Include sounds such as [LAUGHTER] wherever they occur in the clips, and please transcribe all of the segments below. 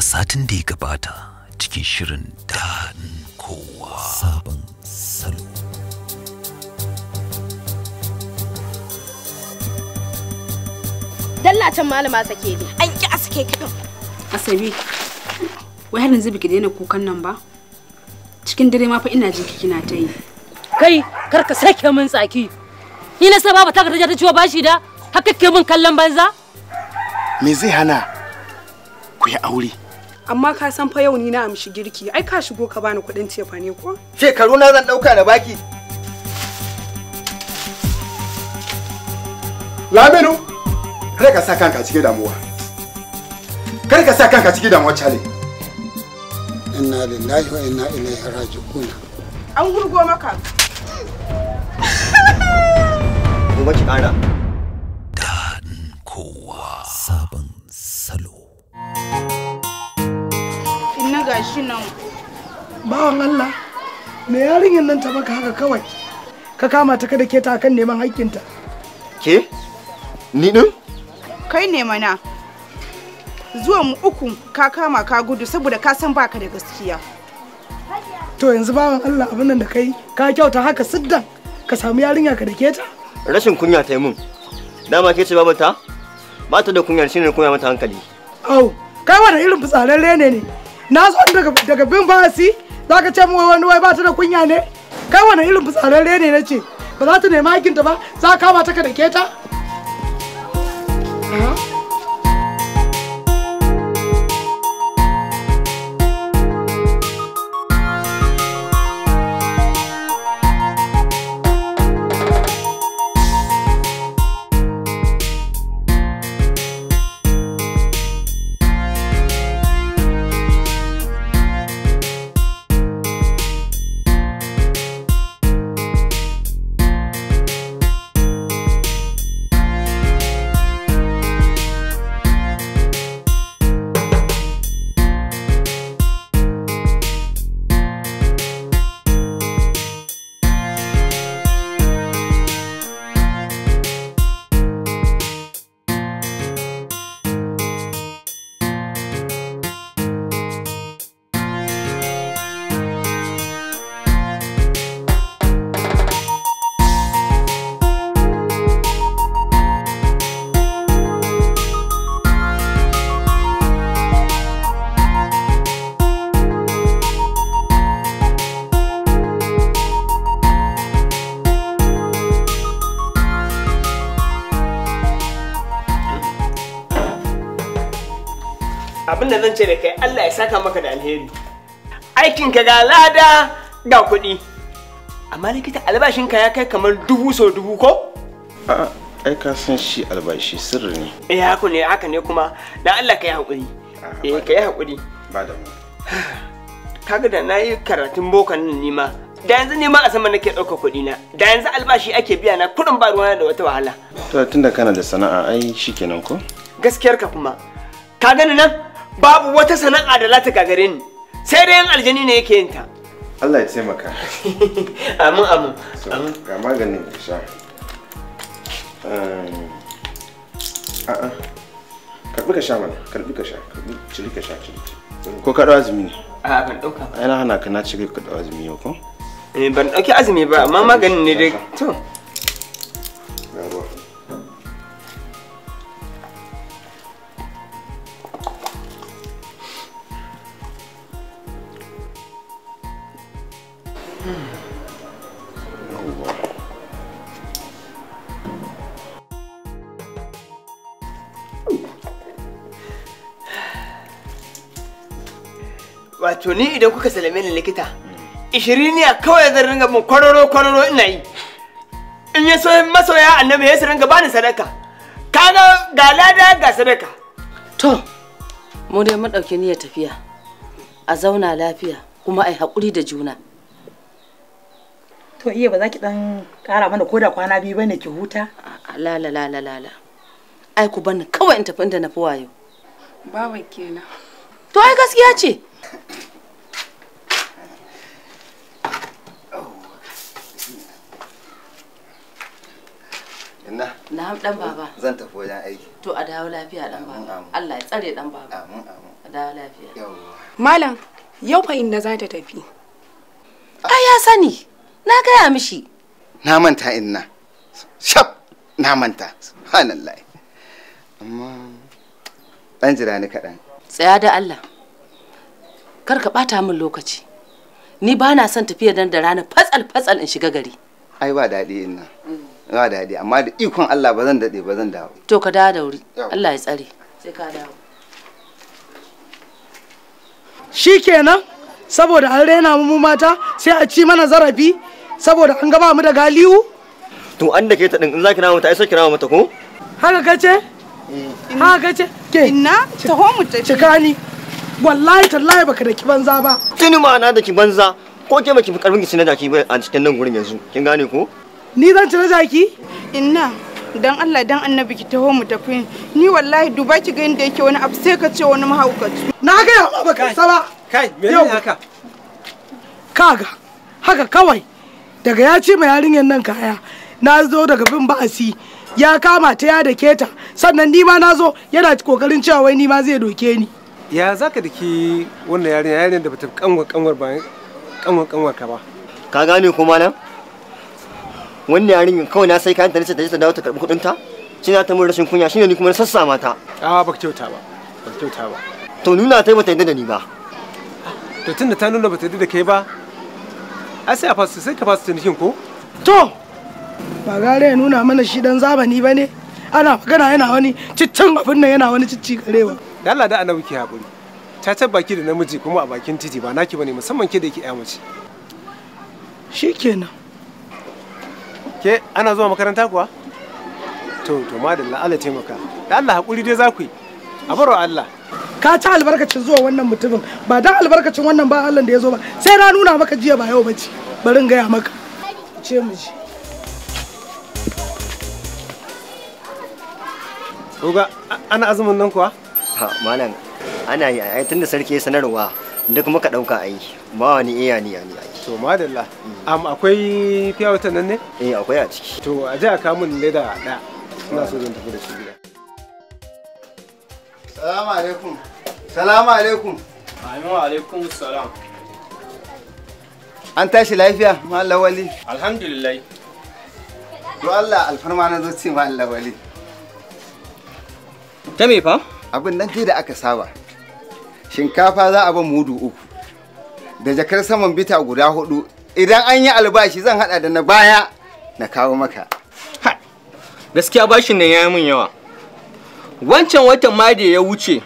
a satin da ya gabata cikin shirin daɗin kowa sabon salo dallacin malama sake ne an ki aske kaɗan. asabi wai har zubi biki daina kukan nan ba cikin dare ma fa ina jin kina ta yi kai kar ka sake min tsaki ni na sa baba ta ta ciwo bashi da haka ke min kallon banza me zai hana ku yi aure amma ka san fa yau ni na amshi girki ai ka shigo ka bani kuɗin cefa ne ko shekaru na zan ɗauka da baki laminu kada ka sa kanka cikin damuwa kada ka sa kanka cikin damuwa chale inna lillahi wa inna ilaihi raji'un an gurgo maka gobe ki kara daɗin kowa sabon gashi nan bawan Allah me yarinyan nan ta maka haka kawai ka kama ta kada ke ta kan neman haƙƙinta ke ni din kai ne mana zuwan mu uku ka kama ka gudu saboda ka san baka da gaskiya to yanzu bawan Allah abin nan da kai ka kyauta haka siddan ka samu yarinya ka da keta. ta rashin kunya ta yi mun dama ke ce babata ba ta da kunyar shine kunya mata hankali au kai wani irin fitsararre ne ne na zo daga bin basi za ka ce mu wani wai ba ta da kunya ne kai wani irin fitsararre ne na ce ba za ta nemi aikinta ba za ka kama ta ka da keta. zan da kai Allah ya saka maka da alheri aikin ka ga lada ga kuɗi amma likita albashin ka ya kai kamar dubu so dubu ko a'a ai ka san shi albashi sirri ne eh haka ne haka ne kuma dan Allah ka yi hakuri eh ka yi hakuri ba da mu kaga da nayi karatun bokan nan nima da yanzu ne ma a sama nake ɗauka kuɗi na da yanzu albashi ake biya na kudin ba ruwana da wata wahala to tunda kana da sana'a ai shikenan ko gaskiyar ka kuma ka gani nan babu wata sana'a da lati ta gagare ni sai dai yan aljani ne yake yin ta Allah ya taimaka [LAUGHS] amin amin amin ga maganin ka sha ehm, a'a karbi ka sha mana karbi ka sha karbi ciri ka sha ciri ko ka azumi ne a ban dauka ai na hana ka na ci ka dawo azumi yau ko eh ban dauki azumi ba amma maganin ne dai to wato ni idan kuka salame ni likita ishirin ne kawai zan ringa mun kwararo kwararo ina yi in ya so masoya annabi ya ringa bani sadaka kaga ga lada ga sadaka to mu dai mun dauke niyyar tafiya a zauna lafiya kuma ai hakuri da juna to iya ba za ki dan kara mana koda kwana biyu bane ki huta la la la la la ai ku bani kawai in tafi inda na fi wayo bawa kenan to ai gaskiya ce Oh. Inna. Na'am dan baba. Zan tafi wajen aiki. To a dawo lafiya dan baba. Allah ya tsare dan baba. Amin amin. A dawo lafiya. Malam, yau fa inna za ta tafi. Ah. Ai ya sani. Na gaya mishi. Na manta inna. Shaf, na manta. Subhanallah. Amma dan jira ni kaɗan. Tsaya da Allah. kar ka bata min lokaci ni ba na son tafiya dan da rana fatsal fatsal in shiga gari ai ba daɗi ina ba daɗi amma da ikon Allah ba zan daɗe ba zan dawo to ka dawo da wuri Allah ya tsare sai ka dawo shikenan saboda an rena mu mata sai a ci mana zarafi saboda an gaba mu da galiwu to an da ke ta din in zaki nawo mata ai sai kirawo mata ko haka kace eh, haka kace ke inna taho mu ta cikani wallahi tallahi baka da banza ba kini ma'ana da ki banza ko ke baki karbin ki ci na jaki ba a cikin nan gurin yanzu kin gane ko ni zan ci na jaki inna dan Allah dan annabi ki taho mu tafi ni wallahi duba ki ga inda yake wani abu sai ka ce wani mahaukaci na ga ya ba ka saba kai me ne haka kaga haka kawai daga ya ce ma yarinyar nan kaya na zo daga bin ba'asi ya kama ta ya da keta sannan ni ma na zo yana kokarin cewa wai ni ma zai doke ni ya za ka ke wannan yarinya yarinya da bata kanwar kanwar ba kanwar kanwar ka ba ka gane kuma nan wannan yarinya kawai na sai kayan ta da ta ta dawo ta karbi kudin ta shi na ta mun rashin kunya shine ni kuma na sassa mata ah ba kyauta ba ba kyauta ba to nuna ta mata yadda da ni ba to tunda ta nuna bata yadda da kai ba ai sai a fasu sai ka fasu tunikin ko to ba gare ya nuna mana shi dan zabani bane ana magana yana wani ciccin abin nan yana wani cicci karewa da Allah da annabi ki haƙuri ta ta baki da namiji kuma a bakin titi ba naki bane musamman ke da yake ya mace shikenan ke ana zuwa makaranta kuwa to to madalla Allah taimaka da Allah haƙuri dai za ku yi a baro Allah ka ta albarkacin zuwa wannan mutumin ba dan albarkacin wannan ba Allah da ya zo ba sai na nuna maka jiya ba yau bace bari in gaya maka ce mu ji Oga, ana azumin nan kuwa? malam ana yi ai tunda sarki ya sanarwa duk muka dauka ai ba wani iya ni yani ai to madalla mm. am akwai fiyawata nan ne eh akwai a ciki to a ji a kamun leda da ina so zan tafi da shi gida salamu alaikum assalamu alaikum wa alaikum salam an tashi lafiya mallam wali alhamdulillah to Allah alfarma na zo ce mallam wali ta me fa abin nan da aka saba shinkafa za a ban mudu uku da jakar saman bita guda hudu idan an yi albashi zan hada da na baya na kawo maka gaskiya bashin nan ya yi min yawa wancan watan ma ya wuce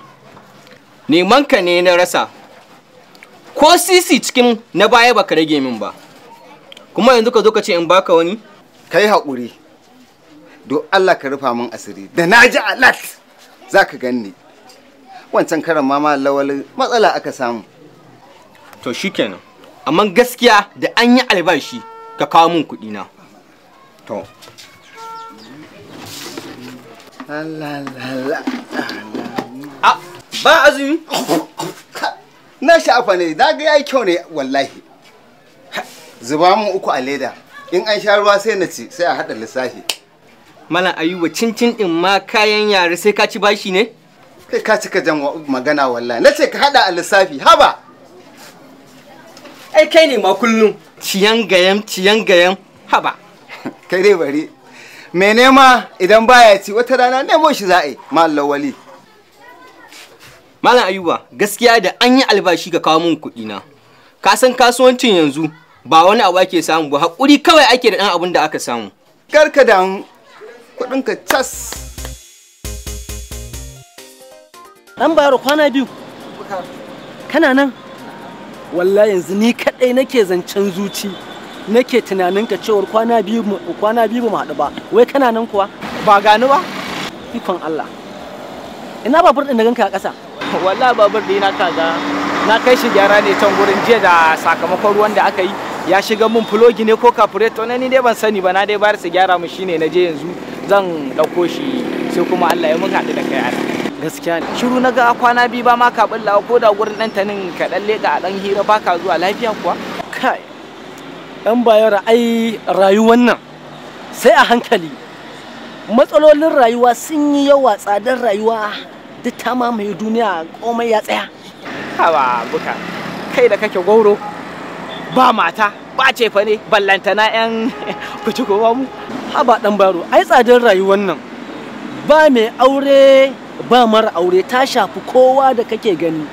neman ka ne na rasa ko sisi cikin na baya baka rage min ba kuma yanzu ka zo ka ce in baka wani kai hakuri, don allah ka rufa min asiri da na ji alat za ka ganni wancan karan ma lawali matsala aka samu to kenan amma gaskiya da an yi albashi ka kawo min kuɗi na to ba azumi na afa ne na ga yayi kyau ne wallahi zuba mun uku a leda in an sha ruwa sai na ci sai a haɗa lissafi Mala Ayuba cincin din ma kayan yare sai ka ci bashi ne? Kai ka cika jan magana wallahi. Na ce ka hada a lissafi, haba. Ai kai ne ma kullum. Ciyan gayam, ciyan gayam, haba. [LAUGHS] kai dai bari. Me nema idan baya ci wata rana nemo shi za'a mallan wali. Malam Ayuba, gaskiya da an yi albashi ka kawo min kuɗi na. Ka san kasuwancin yanzu ba wani abu ake samu ba, haƙuri kawai ake da ɗan abin da aka samu. Karka damu, kuɗinka cas dan baro kwana biyu kana nan wallahi yanzu ni kaɗai nake zancen zuci nake tunanin ka cewar kwana biyu kwana biyu ba mu haɗu ba wai kana nan kuwa ba gani ba ikon Allah ina babur ɗin da ganka a ƙasa wallahi babur na kaga na kai shi gyara ne can gurin jiya da sakamakon ruwan da aka yi ya shiga mun fulogi ne ko kafureto ne ni dai ban sani ba na dai bayar su gyara mu shine na je yanzu zan dauko shi sai kuma Allah ya muka haɗu da kai ana gaskiya shiru na ga kwana biyu ba ma ka balla ko da gurin dan tanin ka dan leka a dan hira baka zuwa lafiya kuwa kai dan bayar ai rayuwar nan sai a hankali matsalolin rayuwa sun yi yawa tsadar rayuwa duk ta mamaye duniya komai ya tsaya haba buka kai da kake goro. ba mata ba ce fa ne ballantana yan kuci [LAUGHS] ba mu haba dan baro ai tsadar rayuwar nan ba mai aure ba mara aure ta shafi kowa da kake gani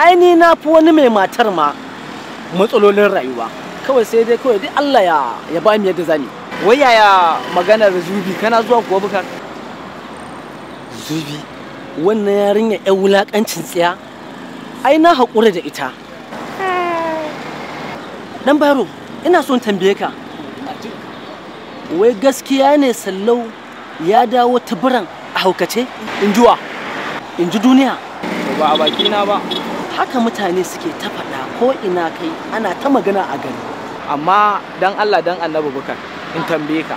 ai na fi wani mai matar ma matsalolin rayuwa kawai sai dai kawai dai Allah ya ya ba mu yadda zani wai yaya maganar zubi kana zuwa kuwa bukar zubi wannan yarinya yan wulakancin tsiya ai na haƙura da ita Dan baro ina son tambaye ka. Wai gaskiya ne sallau ya dawo tuburan a haukace? In jiwa, in ji duniya. Ba a baki na ba. Haka mutane suke ta faɗa ko ina kai ana ta magana a gari. Amma dan Allah dan Annabi bakar in tambaye ka.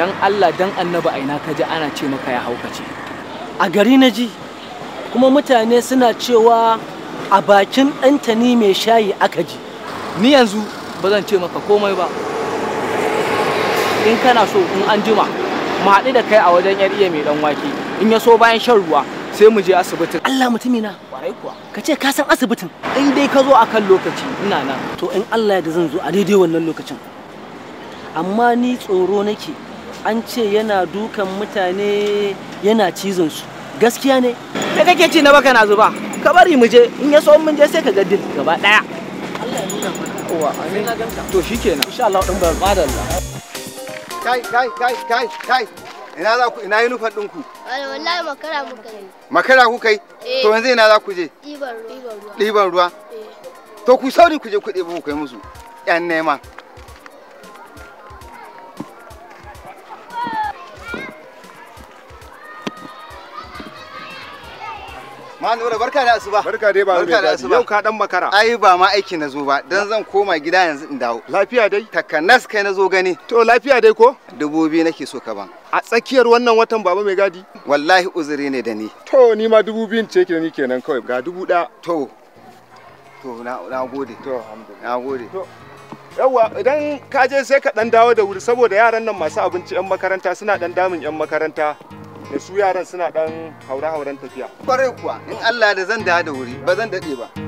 Dan Allah dan Annabi aina ka ji ana ce maka ya haukace. A gari na ji kuma mutane suna cewa a bakin ɗantani mai shayi aka ji. ni yanzu ba zan ce maka komai ba in kana so in an jima mu haɗu da kai a wajen yar iya mai dan wake in ya so bayan shan ruwa sai mu je asibitin Allah na kwarai kuwa ka ce ka san asibitin in dai ka zo a kan lokaci ina nan to in Allah ya da zan zo a daidai wannan lokacin amma ni tsoro nake an ce yana dukan mutane yana cizon su gaskiya ne kai kake ci na baka na zuba ka bari mu je in ya so mun je sai ka ga dil gaba daya Allah ya nuna mana insha Allah ba kai kai kai kai kai ina za ku ina yunifan din ku wallahi makara muka yi makara kai eh. to yanzu ina za ku je ɗiban ruwa ɗiban ruwa eh. to ku sauri ku je ku ɗebo ku kai musu yan nema Ma Nura barka da asuba. Barka dai ba mai da asuba. Yau ka dan makara. Ai ba ma aiki na zo ba, dan zan koma gida yanzu in dawo. Lafiya dai? Takanas kai na zo gani. To lafiya dai ko? Dubu biyu nake so ka ban. A tsakiyar wannan watan baba mai gadi? Wallahi uzuri ne da ni. To ni ma dubu biyun ce ke ni kenan kawai ga dubu ɗaya. To. To na gode. To alhamdulillah. Na gode. To. yawwa idan ka je sai ka dan dawo da wuri saboda yaran nan masu abinci yan makaranta suna dan damun yan makaranta da su yaran suna dan haure-hauren tafiya. Kwarai kuwa in Allah da zan da da wuri ba zan daɗe ba.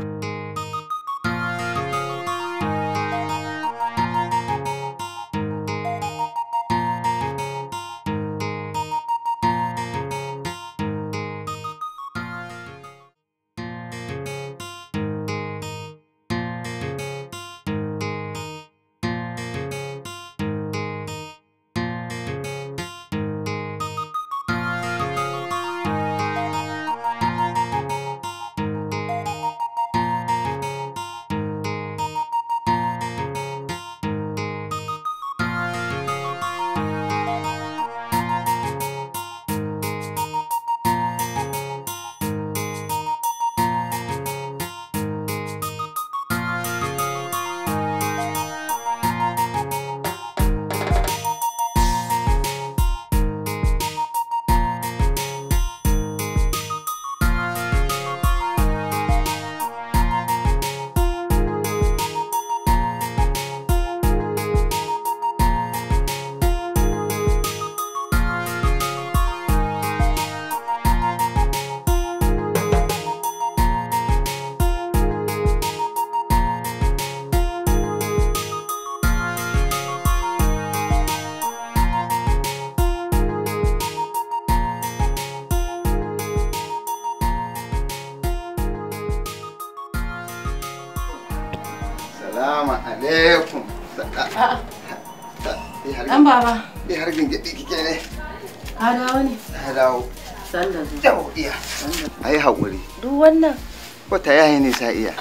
wallahi ne sa iya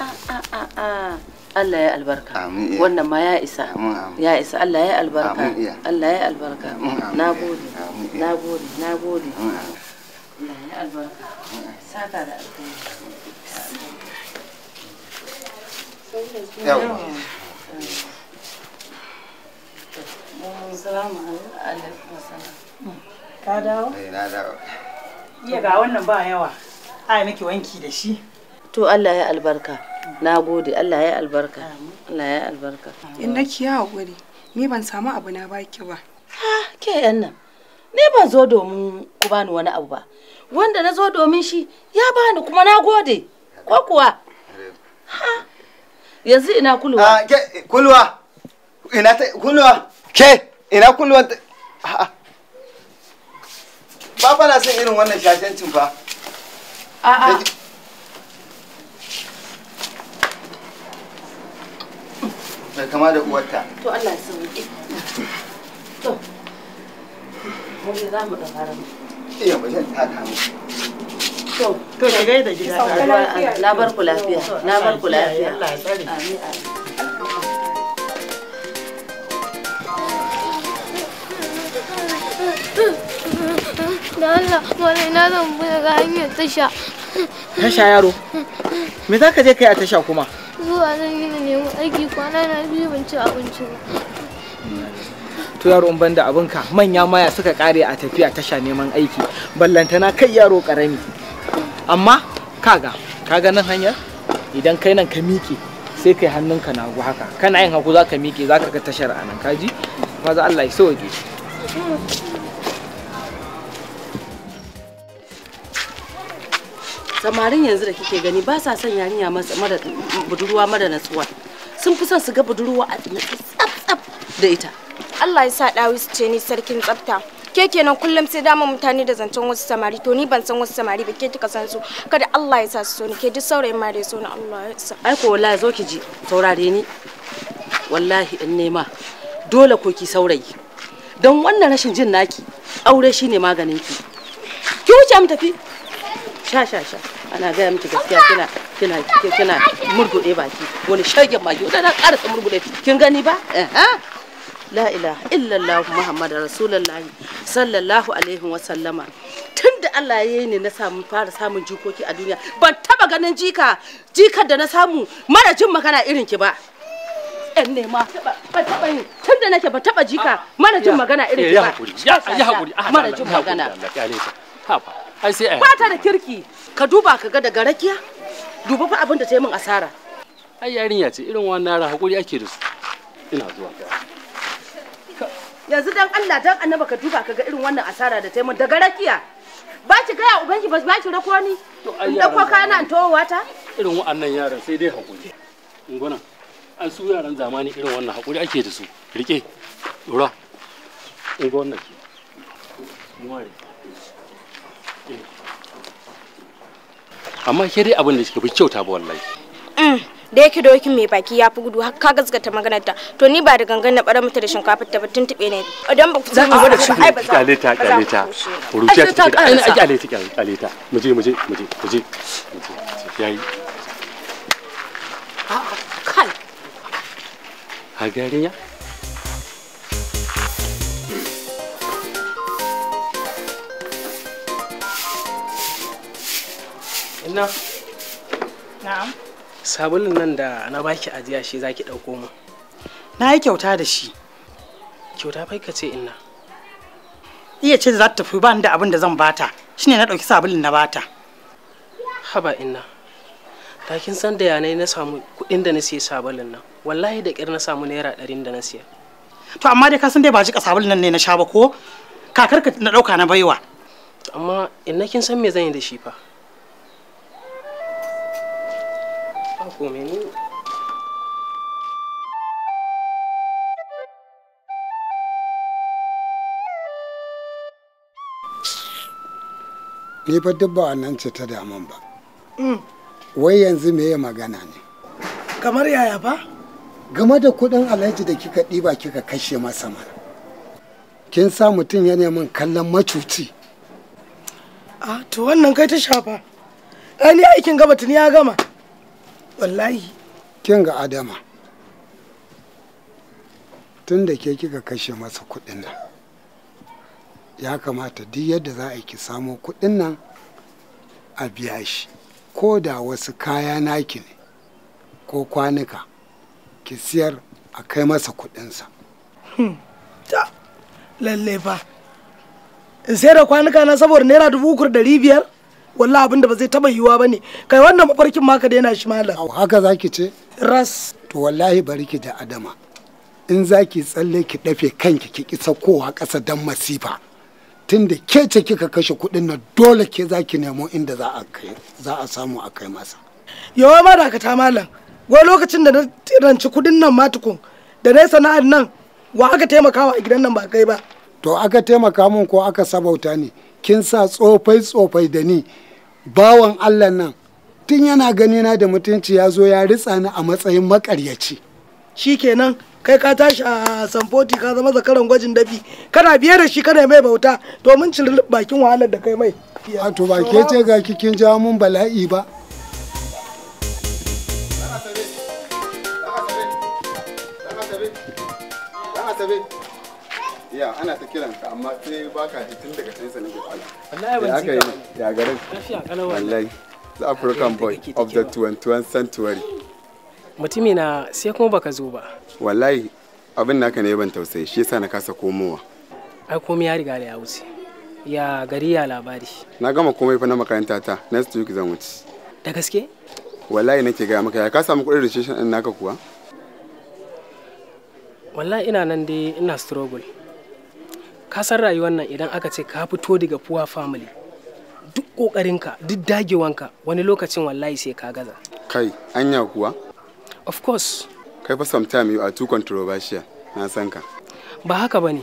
Allah ya albarka wannan ma ya isa ya isa Allah ya albarka Allah ya albarka na gode na gode na gode Allah ya albarka saka da alkhairi yawa Salamu alaikum. Ka dawo? Eh na dawo. Iya ga wannan ba yawa. Ai miki wanki da shi. to Allah ya albarka na gode Allah ya albarka Allah ya albarka in na ki haƙuri ni ban samu abu na baki ba ha ke yan nan ni ban zo domin ku bani wani abu ba wanda na zo domin shi ya bani kuma na gode ko kuwa ha yanzu ina kulwa ah, kulwa ina ta kulwa ke ina kulwa ba ba na san irin wannan shashancin fa a'a mai kama da uwarta to Allah ya sauke to za mu iya mu to ki gida na bar ku lafiya na bar ku lafiya da Allah wani na zan buɗe ga hanyar tasha. Tasha yaro? Me za ka je kai a tasha kuma? da neman aiki to yaro ban da abinka manya maya suka kare a tafiya tasha neman aiki ballantana kai yaro karami amma kaga kaga nan hanyar idan kai nan ka miƙe sai kai hannunka na hagu haka kana yin hagu za ka miƙe za ka ga tashar a nan kaji maza Allah ya sauke samarin yanzu da kike gani ba sa son yarinya mara budurwa mara natsuwa sun fi son su ga budurwa a tsaf da ita Allah ya sa su ce ni sarkin tsafta ke kenan kullum sai dama mutane da zancen wasu samari to ni ban san wasu samari ba ke kika san su kada Allah ya sa su so ni ke duk saurayin ma da ya so ni Allah ya sa ai ko wallahi zo ki ji saurare ni wallahi in nema dole ko ki saurayi don wannan rashin jin naki aure shine maganin ki ki wuce mu tafi sha sha sha ana gaya miki gaskiya kina kina kina murgude baki wani shagen maki wanda na karasa murgude kin gani ba eh, eh. la ilaha illallah muhammad rasulullah sallallahu alaihi wa sallama Allah ya yi ne na samun fara samun jikoki a duniya ban taba ganin jika jikar da na samu mara jin magana irin ki ba yan ban taba yi nake ban taba jika mara jin magana irin ki ba ya hakuri ya hakuri ah, mara jin magana ai sai ai ba ta da kirki ka duba ka ga daga rakiya duba fa abin da ta yi min asara ai yarinya ce irin wannan ra hakuri ake da su ina zuwa ga yanzu dan Allah dan annaba ka duba ka ga irin wannan asara da ta yi min daga rakiya ba ki gaya ubangi ba ki rako ni in ko kana in towa ta irin wannan yaran sai dai hakuri ingona an su yaran zamani irin wannan hakuri ake da su rike dora ingona ga ki muware amma ke dai abin da kika fi kyauta ba wallahi mm, da yake dokin mai baki ya fi gudu har ka gazgata maganarta to ni ba da gangan na bara mata da shinkafa ta batun tube ne idan ba ku za ku da shi kyale ta kyale ta rufiya ta kyale ta kyale ta kyale ta mu je mu je mu je mu je yayi a kai ha garinya Amina. Na'am. Sabulun nan da na baki ajiya shi zaki dauko mu. Na yi kyauta da shi. Kyauta bai ka ce inna. Iya ce da za ta tafi ba da abin da zan bata. Shine na dauki sabulun na bata. Haba inna. Da kin san da yanayi na samu kuɗin da na siya sabulun nan. Wallahi da kyar na samu naira ɗarin da na siya. To amma dai ka san dai ba jika sabulun nan ne na sha ba ko? Kakar ka na ɗauka na baiwa. Amma inna kin san me zan yi da shi fa? komeni ni fa duk ba nan ce ta damun ba mm. wai yanzu me magana ne kamar yaya fa game da kudin alhaji da kika ɗiba kika kashe masa mana kin sa mutum ya neman kallon macuci a ah, to wannan kai ta shafa Ɗani aikin gaba tuni ya gama wallahi kin ga adama tun da ke kika kashe masa kuɗin nan ya kamata duk yadda za a ki samo kuɗin nan a biya shi ko da wasu kaya naki ne ko kwanuka ki siyar a kai masa hmm. ta lalle fa in sayar da kwanuka na saboda naira dubu uku da biyar wallahi abin da ba zai taba yiwa bane kai wannan mafarkin ma ka daina shi malam au haka zaki ce ras to wallahi bari ki da adama in zaki tsalle ki dafe kanki ki kisa kowa kasa dan masifa tunda ke ce kika kashe kuɗin nan dole ke zaki nemo inda za a kai za a samu a kai masa yawa ma dakata malam wai lokacin da na ranci kuɗin nan ma tukun da na sana'ar nan wa aka taimakawa a gidan nan ba kai ba to aka taimaka mun ko aka sabauta ni kin sa tsofai tsofai da ni bawan allah nan tun yana ganina da mutunci ya zo ya ritsa ni a matsayin makaryaci shi kenan kai ka tashi a samfoti ka zama zakaran gwajin dafi kana biye da shi kana mai bauta domin ci bakin wahalar da kai mai wato ba ke ce ga kikin jawo mun bala'i ba ya ana ta kiranta amma sai baka tun daga can sanin kwana african boy of the 21st century mutumi na sai kuma baka zo ba wallahi abin naka ne ban tausayi shi yasa na kasa komowa ai komai ya riga da ya wuce ya gari ya labari na gama komai fa na makaranta ta next week zan wuce da gaske wallahi nake gaya maka ya ka samu kuɗin registration din naka kuwa wallahi ina nan dai ina struggle ka san rayuwar nan idan aka ce ka fito daga puwa family duk kokarinka duk dagewanka wani lokacin wallahi sai ka gaza kai anya kuwa of course kai fa sometimes you are too controversial na san ka ba haka bane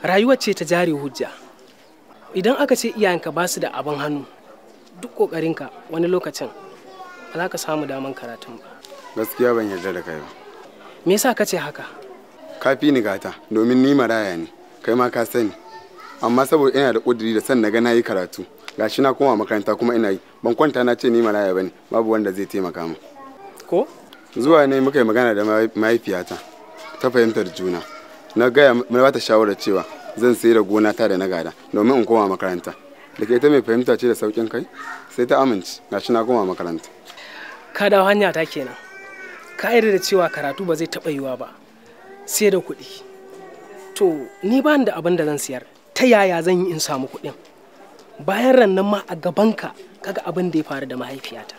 rayuwar ce ta jari hujja idan aka ce iyayenka ba su da abin hannu duk kokarinka wani lokacin ba za ka samu daman karatun ba gaskiya ban yarda da kai ba me yasa ka ce haka ka fi ni gata domin ni maraya ne kai ma ka sani amma saboda ina da ƙudiri da san naga ga na yi karatu gashi na koma makaranta kuma ina yi ban kwanta na ce ni maraya bane babu wanda zai taimaka mu ko zuwa ne muka yi magana da mahaifiyata ta fahimtar juna na gaya mai bata shawarar cewa zan sayar da gona ta da na gada domin in koma makaranta da ke ita mai fahimta ce da saukin kai sai ta amince gashi na koma makaranta ka dawo hanya ta kenan ka da cewa karatu ba zai taɓa yiwa ba sai da kuɗi to ni ba da abin da zan siyar ta yaya zan yi in samu kuɗin bayan rannan ma a ka kaga abin da ya faru da mahaifiyata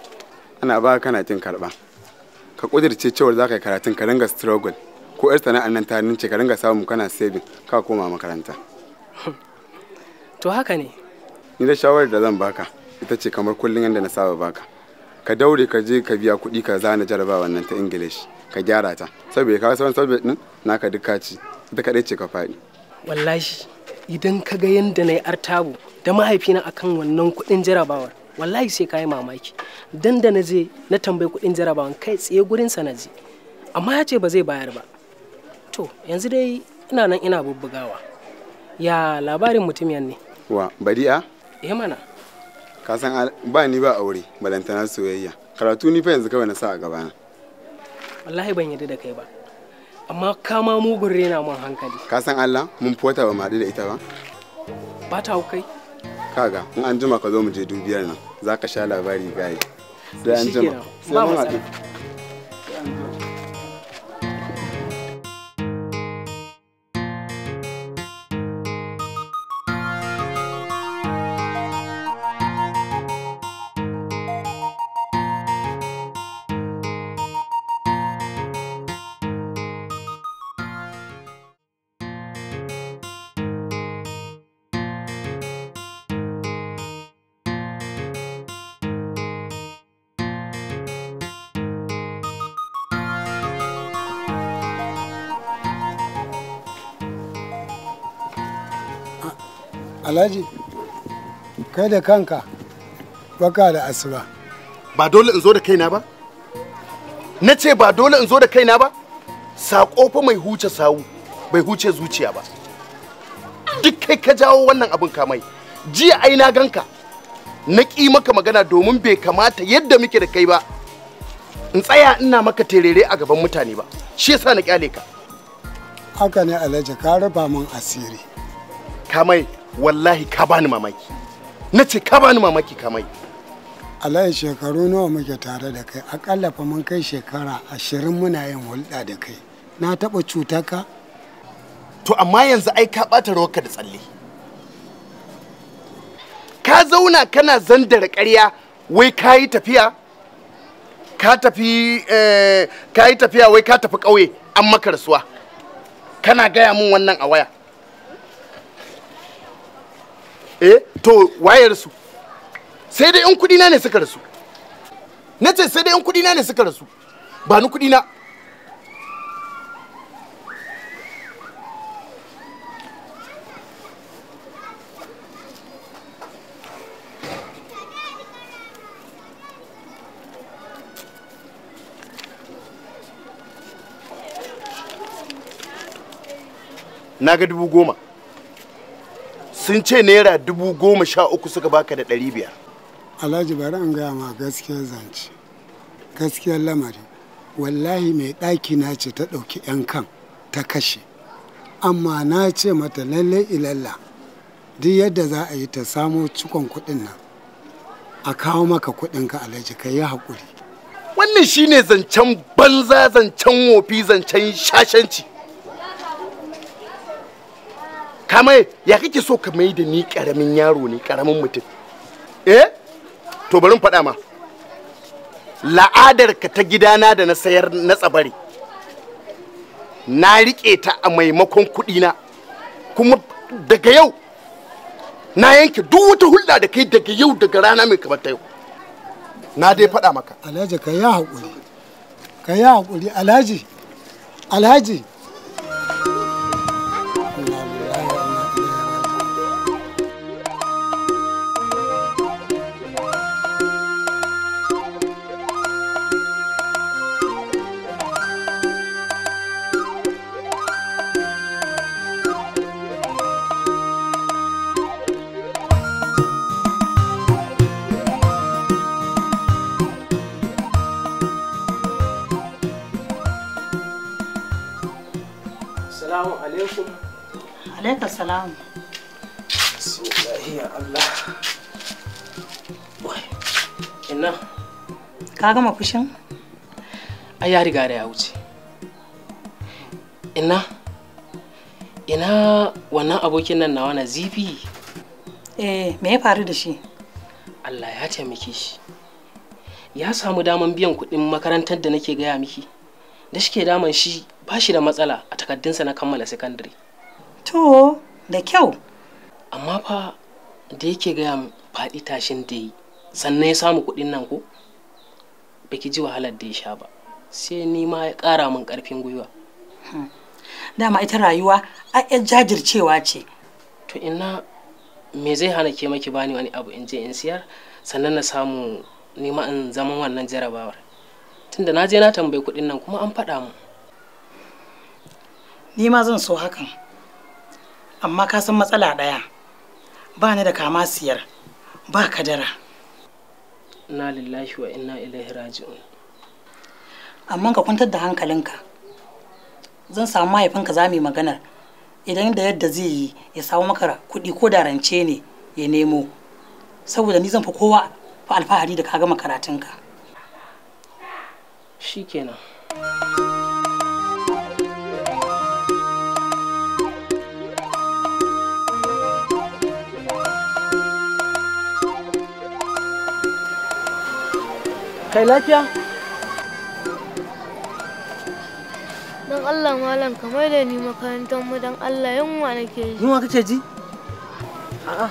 ana ba kana kin karɓa ka kudirce cewar za ka yi karatun ka ringa struggle ko yar sana'ar nan ta nince ka ringa samu kana saving ka koma makaranta to haka ne ni da shawarar da zan baka ita ce kamar kullum yadda na saba baka ka daure ka je ka biya kuɗi ka zana jarabawa nan ta ingilishi ka gyara ta saboda ka san saboda din naka duka ci ita ce ka faɗi wallahi idan ka ga yanda na yi artabu da mahaifina akan wannan kuɗin jarabawar wallahi sai ka yi mamaki dan da na je na tambayi kuɗin jarabawan kai tsaye gurin sa na je amma ya ce ba zai bayar ba to yanzu dai ina nan ina bubbugawa ya labarin mutum ne wa badi'a eh mana ka san ba ni ba aure balantana soyayya karatu ni fa yanzu kawai na sa a gaba wallahi ban yarda da kai ba amma ka ma mugun rena mun hankali ka san Allah mun fota ba madu da ita ba ba ta kai kaga in an jima ka zo mu je dubiyar nan zaka sha labari gayi. sai an jima sai mun haɗu alhaji kai da kanka baka da asuba ba dole in zo da kaina ba na ce ba dole in zo da kaina ba saƙo fa mai huce sawu bai huce zuciya ba duk kai ka jawo wannan abin kamai jiya ai na ganka na ƙi maka magana domin bai kamata yadda muke da kai ba in tsaya ina maka terere a gaban mutane ba shi yasa na kyale ka haka ne alhaji ka raba min asiri kamai wallahi ka bani mamaki na ce ka bani mamaki kamai Alayi shekaru nawa muke tare da kai akalla fa mun kai shekara ashirin muna yin hulɗa da kai na taɓa cuta ka to amma yanzu ai ka ɓata rawarka da tsalle ka zauna kana zandara ƙarya wai ka yi tafiya ka tafi eh, ka yi tafiya wai ka tafi ƙauye an maka rasuwa kana gaya min wannan a waya eh to wayar su sai dai in kudi na ne suka rasu na ce sai dai in kudi na ne suka rasu ba ni kudi na na ga dubu goma sun ce naira dubu goma sha uku suka baka da ɗari biyar alhaji bari an gaya ma gaskiyar zance gaskiyar lamari wallahi mai ɗaki na ce ta ɗauki 'yan kan ta kashe amma na ce mata lalle ilalla duk yadda za a yi ta samo cikon kuɗin nan a kawo maka kuɗin ka alhaji ka yi haƙuri wannan shine zancen banza zancen wofi zancen shashanci kama ya kake so ka mai da ni karamin yaro ne karamin mutum eh to bari faɗa ma la'adar ka ta gidana da na sayar na tsabari na riƙe ta a maimakon kuɗina kuma daga yau na yanke duk wata hulɗa da kai daga yau daga rana mai kamar ta yau na dai faɗa maka alhaji ka yi haƙuri ka yi haƙuri alhaji alhaji Alaikar salamu. Bismillahiyar Allah. Ina. Ka gama fushin? a ya riga da ya wuce. Ina. Ina wannan abokin nan nawa na zifi. Eh, me ya faru da shi? Allah ya taimake shi. Ya samu daman biyan kuɗin makarantar da nake gaya miki. Da shi ke daman shi ba shi da matsala a takardunsa na kammala sakandare. To, da kyau. Amma fa da yake gaya mu faɗi tashin da yi, sannan ya samu kuɗin nan ko? Baki ji wahalar da ya sha ba. Sai ni ma ya kara min ƙarfin gwiwa. Hmm. Dama ita rayuwa a jajircewa ce. To ina me zai hana ke maki bani wani abu in je in siyar sannan na samu nima in zaman wannan jarabawar tunda na je na tambayi kuɗin nan kuma an faɗa mu ni ma zan so hakan amma ka san matsala ɗaya ba ni da kama siyar ba kadara na lillahi wa inna ilaihi raji'un amma ka kwantar da hankalinka zan samu mahaifinka za mu yi maganar idan da yadda zai yi ya samu maka kuɗi ko da rance ne ya nemo saboda ni zan fi kowa fa alfahari da ka gama karatunka shikenan Kai lafiya? Don Allah malam kamar da ni makarantar mu don Allah yunwa nake ji. Yunwa kake ji? A'a.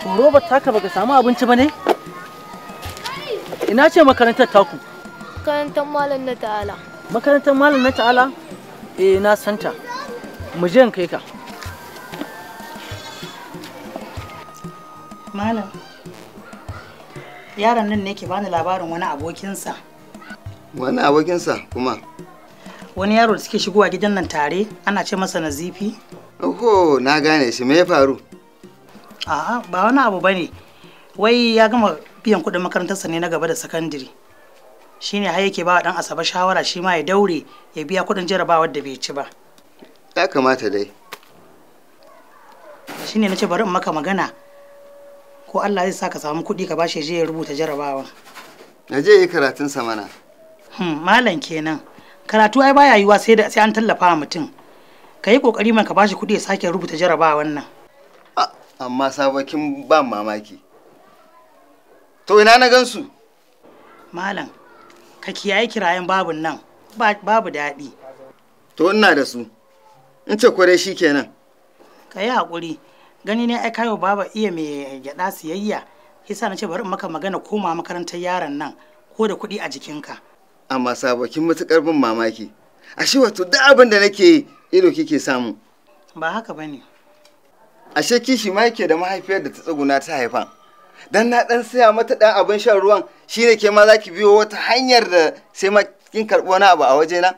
To Robert taka baka samu abinci ba ne? Ina ce makarantar taku? Makarantar malam na ta'ala. Makarantar malam na ta'ala? Eh na santa. Mu je kai ka. Malam. yaron nan ne ke bani labarin wani abokinsa wani abokinsa kuma wani yaro da suke shigowa gidan nan tare ana ce masa nazifi oho na gane shi me ya faru a'a ba wani abu bane wai ya gama biyan kuɗin makarantarsa ne na gaba da sakandare shine har yake ba wa dan asaba shawara shi ma ya daure ya biya kuɗin jarabawar da bai ci ba ya kamata dai shine nace bari in maka magana ko Allah zai sa ka samu kuɗi ka bashi je ya rubuta jarabawa na je yi karatun sa mana hmm malam kenan karatu ai baya yiwa sai da sai an tallafa mutum ka yi kokari man ka bashi kuɗi ya sake rubuta jarabawan nan amma sabakin ba mamaki to ina na gansu malam ka kiyaye kirayen babun nan babu daɗi to ina da su in ce kwarai kenan ka yi haƙuri gani ne ai kawo baba iya mai gyada siyayya yasa na ce bari in maka magana koma makarantar yaron nan ko da kuɗi a jikinka amma sabokin matukar bin mamaki ashe wato duk abin da nake ido kike samu ba haka bane ashe kishi ma yake da mahaifiyar da ta tsuguna ta haifa dan na dan saya mata dan abin shan ruwan shine ke ma zaki biyo wata hanyar da sai ma kin karbo wani abu a wajena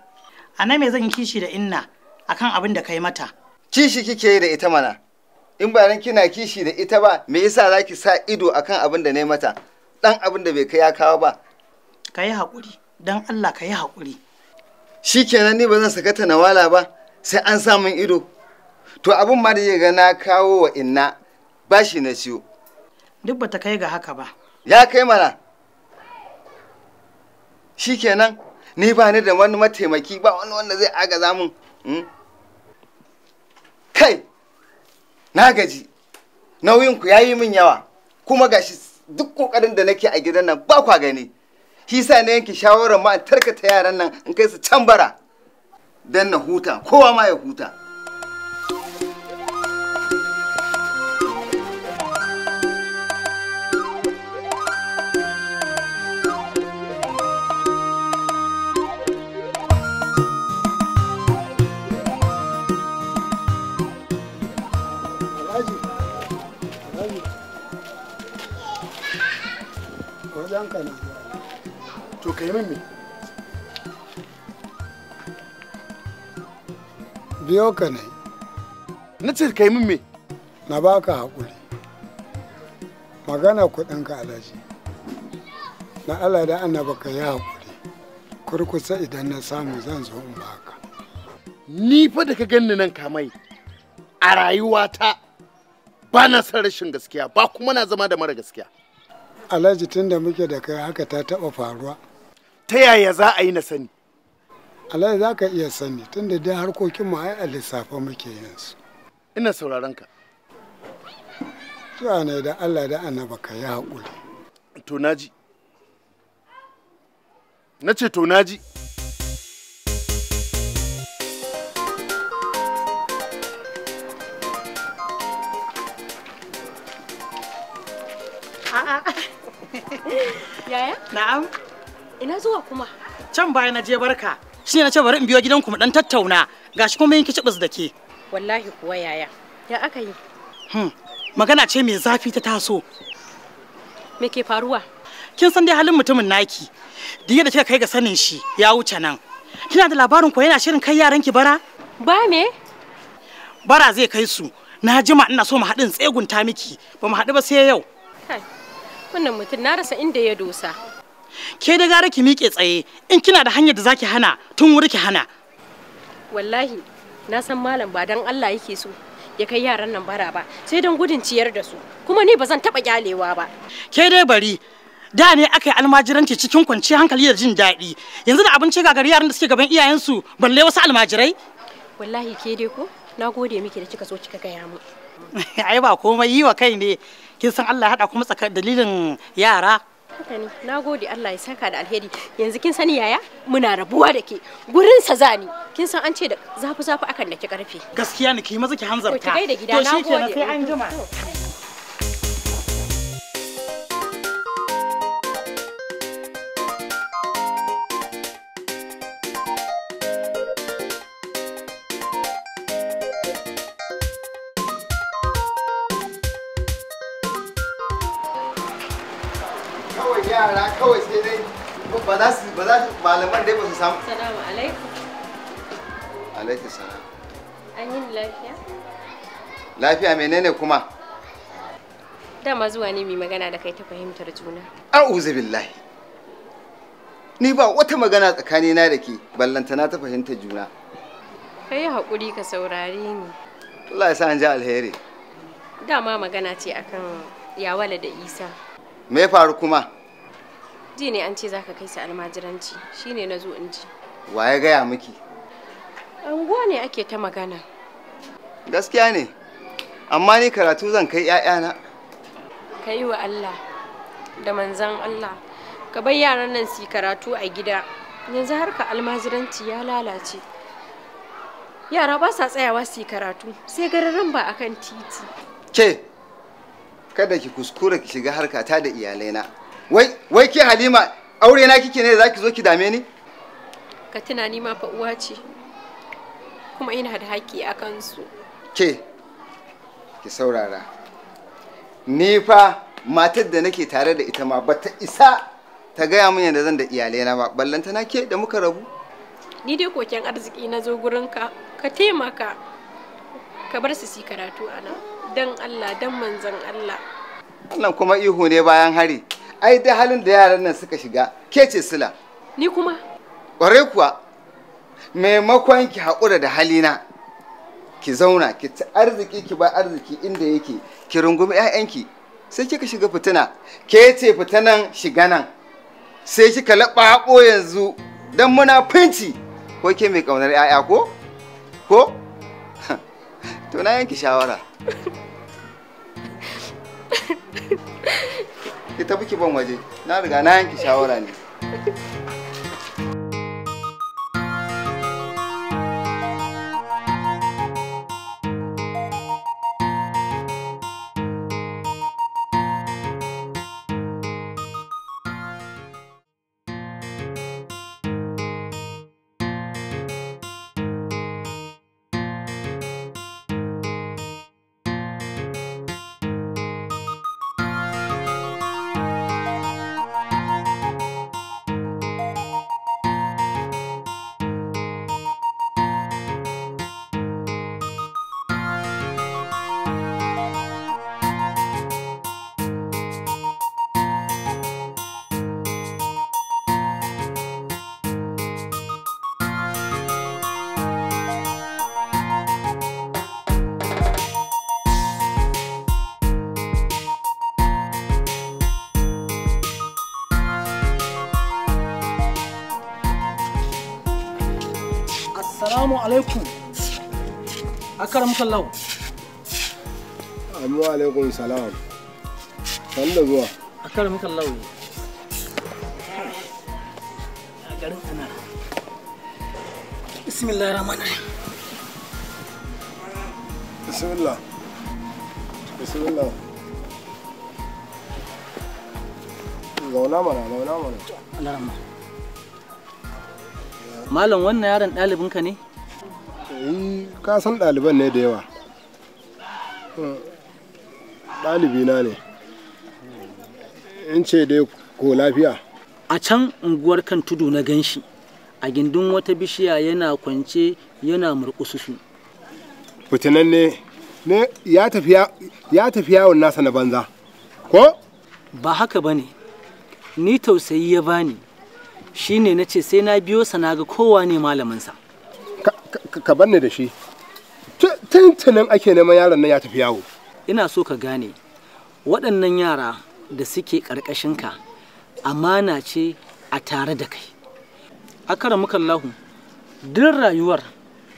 a nan me zan kishi da inna akan abin da kai mata kishi kike yi da ita mana in ba nan kina kishi da ita ba me yasa zaki sa ido akan abin da na mata dan abin da bai kai ya kawo ba ka yi dan don Allah ka yi shikenan ni ba zan saka ta nawala ba sai an samun ido to abin ma da ga na kawo wa inna bashi na siyo duk bata kai ga haka ba ya kai mana shikenan ni ba ni da wani mataimaki ba wani wanda zai agaza mun hmm? kai na gaji nauyin ku yayi min yawa kuma gashi duk kokarin da nake a gidan nan ba kwa gani hisa ne yanke shawarar ma tarkata yaran nan in kai su can bara dan na huta kowa ma ya huta min biyo ka ne na ce yi min me na ka hakuri magana kuɗin ka alaji na Allah da annaba ka yi hakuri kurkusa idan na samu zan zo in baka ni fa da ka ganni nan kamai a rayuwata ba na san rashin gaskiya ba kuma na zama da mara gaskiya alhaji tun da muke da kai haka ta taɓa faruwa ta yaya za a yi na sani alhaji za ka iya sani tun da dai harkokin mu ai a lissafa muke yin su ina sauraron ka zuwa ne da allah da annaba ka yi haƙuri to naji na ce to naji [LAUGHS] Yaya? Na'am. Ina zuwa kuma. Can baya na je barka. Shi na ce bari in biyo gidanku mu dan tattauna. Gashi kuma yin kicibis da ke. Wallahi kuwa yaya. Ya aka yi? Hmm. Magana ce mai zafi ta taso. Me ke faruwa? Kin san dai halin mutumin naki. Diya da kika kai ga sanin shi ya wuce nan. Kina da labarin ko yana shirin kai yaran ki bara? Ba me? Bara zai kai su. Na jima ina so mu haɗin tsegunta miki. Ba mu haɗu ba sai yau. Kai. wannan mutum na rasa inda ya dosa ke da gara ki miƙe tsaye in kina da hanyar da zaki hana tun wuri ki hana wallahi na san malam ba dan Allah yake so ya kai yaran nan bara ba sai dan gudun ciyar da su kuma ni ba zan taɓa kyalewa ba ke dai bari da ne aka yi almajiranci cikin kwanciyar hankali da jin daɗi yanzu da abinci ga gari yaran da suke gaban iyayensu balle wasu almajirai wallahi ke dai ko na gode miki da kika so kika gaya mu [LAUGHS] ai ba komai yi wa kai ne kin san Allah ya haɗa kuma tsaka dalilin yara na gode Allah ya saka da alheri yanzu kin sani yaya muna rabuwa da ke gurin sa zani kin san an ce da zafi zafi akan da ki karfe gaskiya ne ki maza ki hanzarta to shi kenan sai an jima za su ba za malaman dai ba su samu salamu alaikum alaikum salam an yi lafiya lafiya menene kuma dama zuwa ne mai magana da kai ta fahimtar juna a'udhu billahi ni ba wata magana tsakanina da ke ballantana ta fahimtar juna kai haƙuri ka saurare ni Allah ya sa an ji alheri dama magana ce akan yawala da isa me faru kuma ji ne an ce za ka kai su almajiranci shi ne na zo in ji Wa gaya miki anguwa ne ake ta magana gaskiya ne amma ni karatu zan kai 'ya'yana ka yi wa allah da manzan allah ka bar yaran nan su karatu a gida yanzu har ka almajiranci ya lalace yara ba sa tsayawa su karatu sai gararan ba akan titi ke kada ki kuskura ki shiga harkata da iyalaina wai wai ke halima aure na kike ne da zaki zo ki dame ni ka tunani ma fa uwa ce kuma ina da haƙƙi a kansu ke ki saurara ni fa matar da nake tare da ita ma ba ta isa ta gaya min yadda zan da iyalai na ba ballanta na ke da muka rabu ni dai koken arziki na zo gurin ka taimaka ka bar su si karatu a nan don allah dan manzon allah wannan kuma ihu ne bayan hari ai da halin da yaran nan suka shiga ke ce sila ni kuma ƙwarai kuwa maimakon ki haƙura da halina ki zauna ki ci arziki ki ba arziki inda yake ki rungumi 'ya'yanki sai kika shiga fitina ke ce fitinan shiga nan sai kika haɓo yanzu don muna finci ko ke mai ƙaunar 'ya'ya ko ko [LAUGHS] to na yanki shawara [LAUGHS] ki tafi ki ban waje na riga na yanki shawara ne Assalamu alaikum. Akaram kallahu. Amma alaikum salam. Sani da zuwa. Akaram kallahu. A garin ana. Bismillahir Rahmanir Rahim. Bismillah. Bismillah. Zauna mana, zauna mana. Allah Malam wannan yaron ɗalibinka ne? ka san ɗaliban ne da yawa hmm. ɗalibina ne in ce dai ko lafiya a can unguwar kan tudu na ganshi a gindin wata bishiya yana kwance yana murkususu fitinan ne ya tafi yawon nasa na banza ko ba haka ba ne ni tausayi ya bani shine na ce sai na biyo sa na ga kowa ne malaminsa ka ne da shi Tantanin ake neman yaron nan ya tafi yawo ina so ka gane waɗannan yara da suke ƙarƙashin ka amana ce a tare da kai a lahu duk rayuwar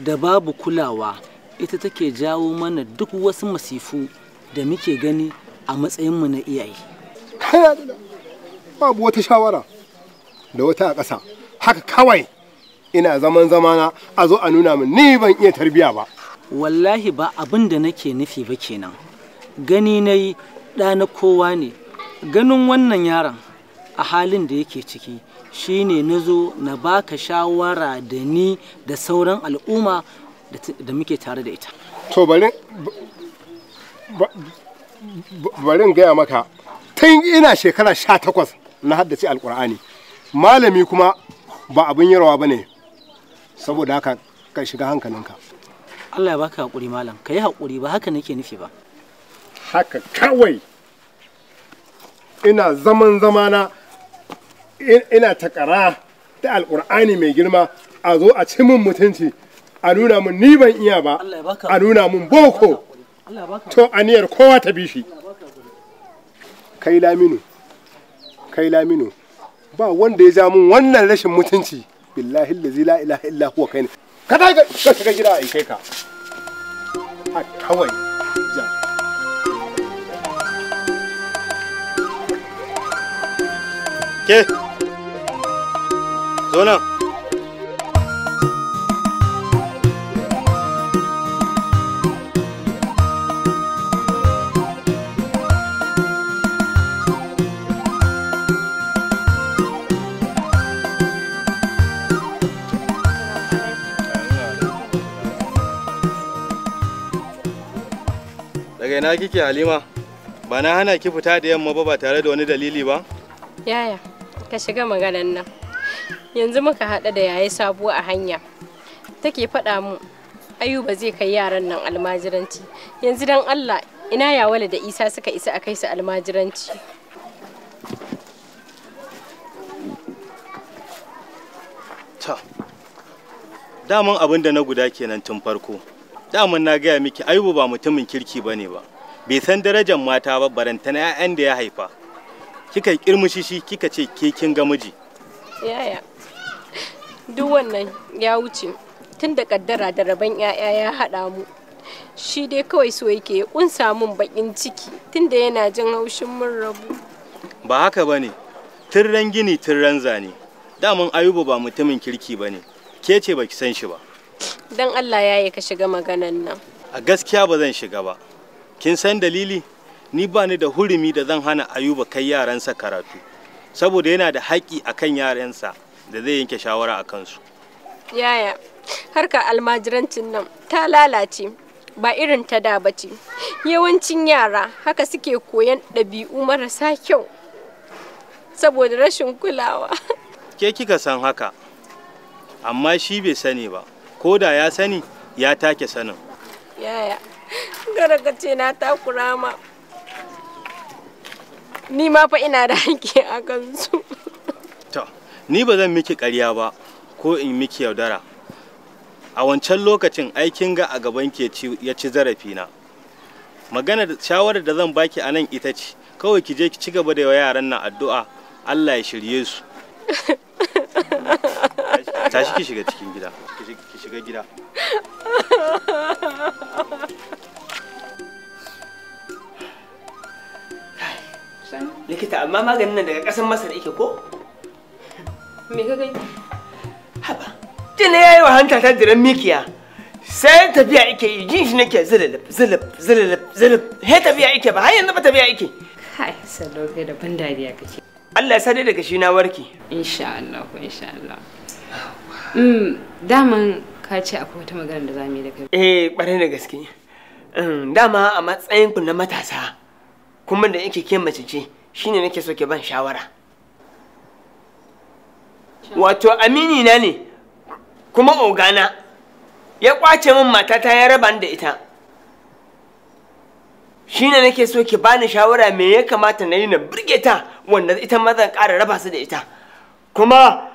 da babu kulawa ita take jawo mana duk wasu masifu da muke gani a matsayinmu na iyaye babu wata shawara da wata a ƙasa haka kawai ina zaman zamana a zo a nuna min ni ban iya tarbiya ba wallahi ba abin da nake nufi ba kenan gani na yi ɗa na kowa ne ganin wannan yaron a halin da yake ciki shine na zo na baka shawara da ni da sauran al'umma da muke tare da ita to barin gaya maka tun ina shekara sha takwas na haddace alkur'ani malami kuma ba abin yarwa ba ne saboda haka ka shiga hankalinka Allah ya baka hakuri malam ka yi hakuri ba haka nake nufi ba haka kawai ina zaman zamana ina takara ta Alƙur'ani mai girma a zo a ci min mutunci a nuna mun ni ban iya ba a nuna mun boko to aniyar kowa ta bi shi kai laminu kai laminu ba wanda ya ja mun wannan rashin mutunci billahi la ilaha illa huwa kai ne ka ta ga shiga gida a ka a kawai ke zo nan Daga ina kike Halima? Ba na hana ki fita da yamma ba ba tare da wani dalili ba? Yaya, ka shiga maganan nan. Yanzu muka haɗa da yayi sabo a hanya. Take faɗa mu Ayuba zai kai yaran nan almajiranci. Yanzu dan Allah ina yawala da Isa suka isa a kai su almajiranci. Ta. Daman abin da na guda kenan tun farko. daman na gaya miki ayubu ba mutumin kirki ba ba bai san darajar mata ba barantana 'ya'yan da ya haifa kika kirmishi shi kika ce ke kin ga miji yaya duk wannan ya wuce tun da kaddara da raban 'ya'ya ya haɗa mu shi dai kawai so yake ya kunsa min bakin ciki tun da yana jin haushin mun rabu ba haka ba ne rangini gini tirren zane daman ayuba ba mutumin kirki bane ne ke ce baki san shi ba Dan Allah ya yi ka shiga maganan nan. A gaskiya ba zan shiga ba. Kin san dalili? Ni ba ni da hurumi da zan hana Ayuba kai yaransa karatu. Saboda yana da haƙƙi a kan yaransa da zai yanke shawara a kansu. Yaya, harka almajirancin nan ta lalace. Ba irin ta da ce Yawancin yara haka suke koyan ɗabi'u marasa kyau. Saboda rashin kulawa. [LAUGHS] Ke kika san haka, amma shi bai sani ba. ko da ya sani ya take sanin yaya ce na takura ma ni ma fa ina da hanki a to ni ba zan miki ƙarya ba ko in miki yaudara a wancan lokacin aikin ga a gaban ke ya ci zarafina magana da shawarar da zan baki a nan ita ce kawai ki je ki ci gaba da yaran nan addu'a Allah ya shirye su [LAUGHS] tashi ki shiga cikin gida shiga gida likita amma maganin nan daga ƙasar masar yake ko me ka gani haba tana yi wa hanta ta diran mikiya sai tafiya ike yi jin shi nake zilip zilip zilip zilip he tafiya ike ba har yanzu ba tafiya ike kai sallau kai da ban dariya kake Allah ya sade daga shi na warke insha Allah insha Allah mm daman ka ce akwai wata magana da za mu yi da kai eh bare da gaske dama a matsayin ku na matasa kuma da yake ke mace ce shine nake so ke ban shawara wato amini na ne kuma ogana ya kwace min matata ya raba da ita shine nake so ke bani shawara me ya kamata na yi na birge ta wanda ita ma zan ƙara raba su da ita kuma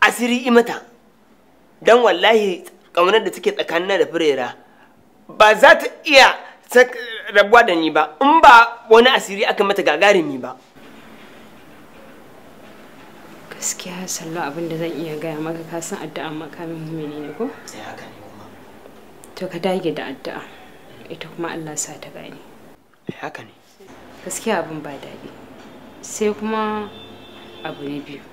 asiri imata don wallahi ƙaunar da take tsakanin da firera ba za ta iya rabuwa da ni ba in ba wani asiri aka mata gagarumi ba gaskiya sallo abin da zan iya gaya maka ka san addu'a makamin mumini ne ko sai haka ne kuma to ka dage da addu'a ita kuma Allah sa ta gani haka ne gaskiya abin ba daɗi sai kuma abu na biyu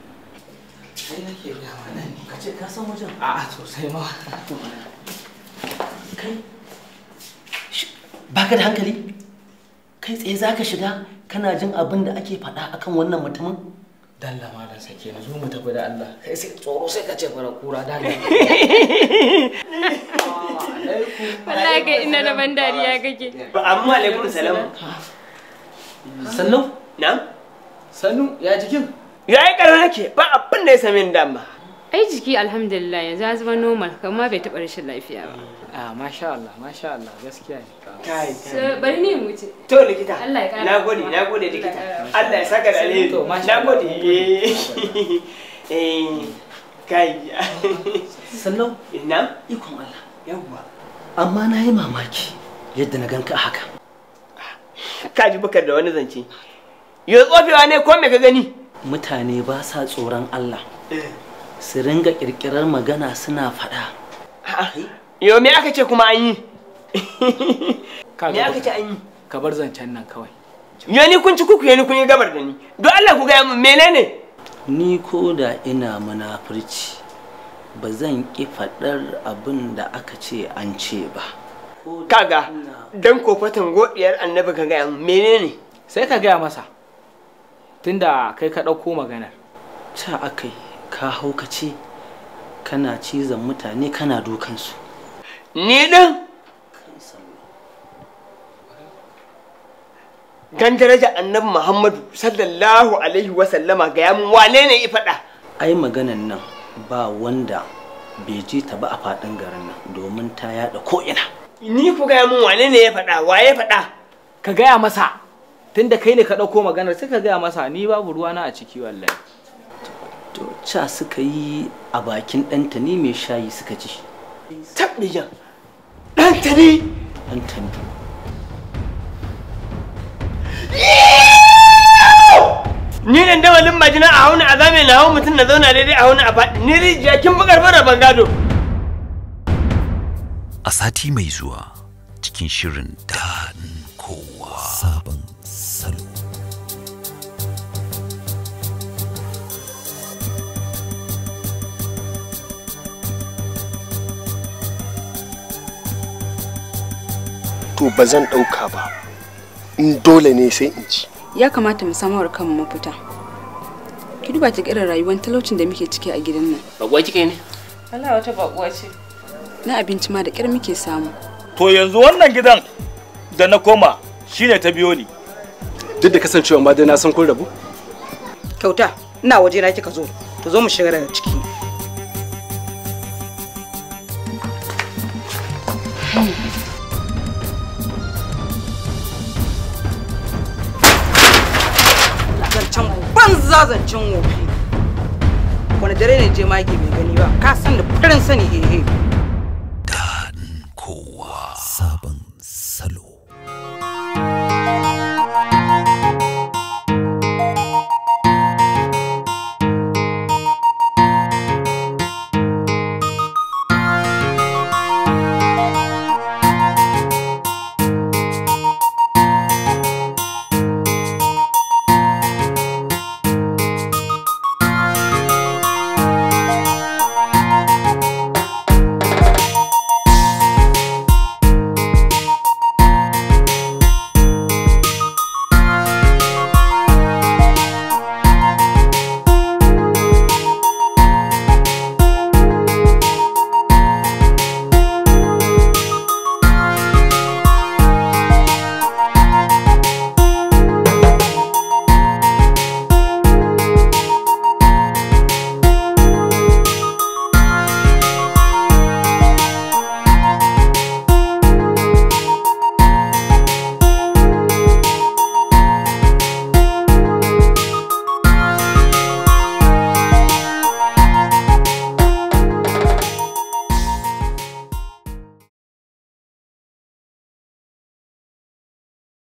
Kai ne. Ka san wajen? A'a sosai ma. baka da hankali? Kai tsaye za ka shiga kana jin abin da ake faɗa akan wannan mutumin? Dalla malam sake na zo mu tafi da Allah. Kai sai tsoro sai ka ce fara kura dalla. Wallahi ga ina da ban dariya kake. Ba amma alaikum salam. Sannu? Na? Sannu ya jikin? yi ƙarar nake ba abin da ya same ni dama ai jiki alhamdulillah yanzu ya zama normal kuma bai taɓa rashin lafiya ba a masha Allah masha Allah gaskiya ne kai kai bari ne mu ce to likita Allah ya kara nagode nagode likita Allah ya saka da alheri to masha Allah nagode [LAUGHS] eh kai Sannan? ina ikon Allah yawwa amma na yi mamaki yadda na ganka haka ka ji bukar da wani zance yo tsofewa ne ko me ka gani mutane ba sa tsoron Allah eh. su ringa kirkirar magana suna fada. Yo me aka ce kuma an yi? [LAUGHS] Me aka ce an yi? Ka bar zancen nan kawai. Yo ni kun ci kuku ni kun yi gabar da ni. Don Allah ku gaya mun menene? Ni ko da ina munafurci ba zan ki fadar abin da aka ce an ce ba. Kaga dan kofatan godiyar annabi ka gaya min menene? Sai ka gaya masa. tunda kai ka ɗauko magana. ta akai ka haukace kana cizon mutane kana dukansu ni ɗin dan daraja annabi muhammadu sallallahu alaihi wasallama ga yamin wane ne ya faɗa ai maganan nan ba wanda bai ji ta ba a faɗin garin nan domin ta yaɗa ko'ina ni ku gaya min wane ne ya faɗa wa ya faɗa ka gaya masa tunda kai ne ka ɗauko maganar sai ka gaya masa ni babu ruwa na a ciki wallahi to ca suka yi a bakin ɗanta ne mai shayi suka ci taɓijan ɗanta ne ɗanta ne ni ne dawalin majina a hauna a zame na hau mutum na zauna daidai a hauna a faɗi ni rijiya kin bugar fara bangado a sati mai zuwa cikin shirin daɗin kowa sabon to ba zan ɗauka ba in dole ne sai in ci ya kamata mu samawar kanmu mafuta. ki duba ta kirar rayuwar talaucin da muke ciki a gidan nan baguwa kike ne Allah wata baguwa ce na abinci ma da ƙyar muke samu to yanzu wannan gidan da na koma shine ta biyo ni duk da kasancewa ma dai na san kun rabu kyauta ina waje na kika zo to zo mu shiga daga ciki banza zazancin wofi wani dare ne je maki bai gani ba ka san da farin sani hehe eh.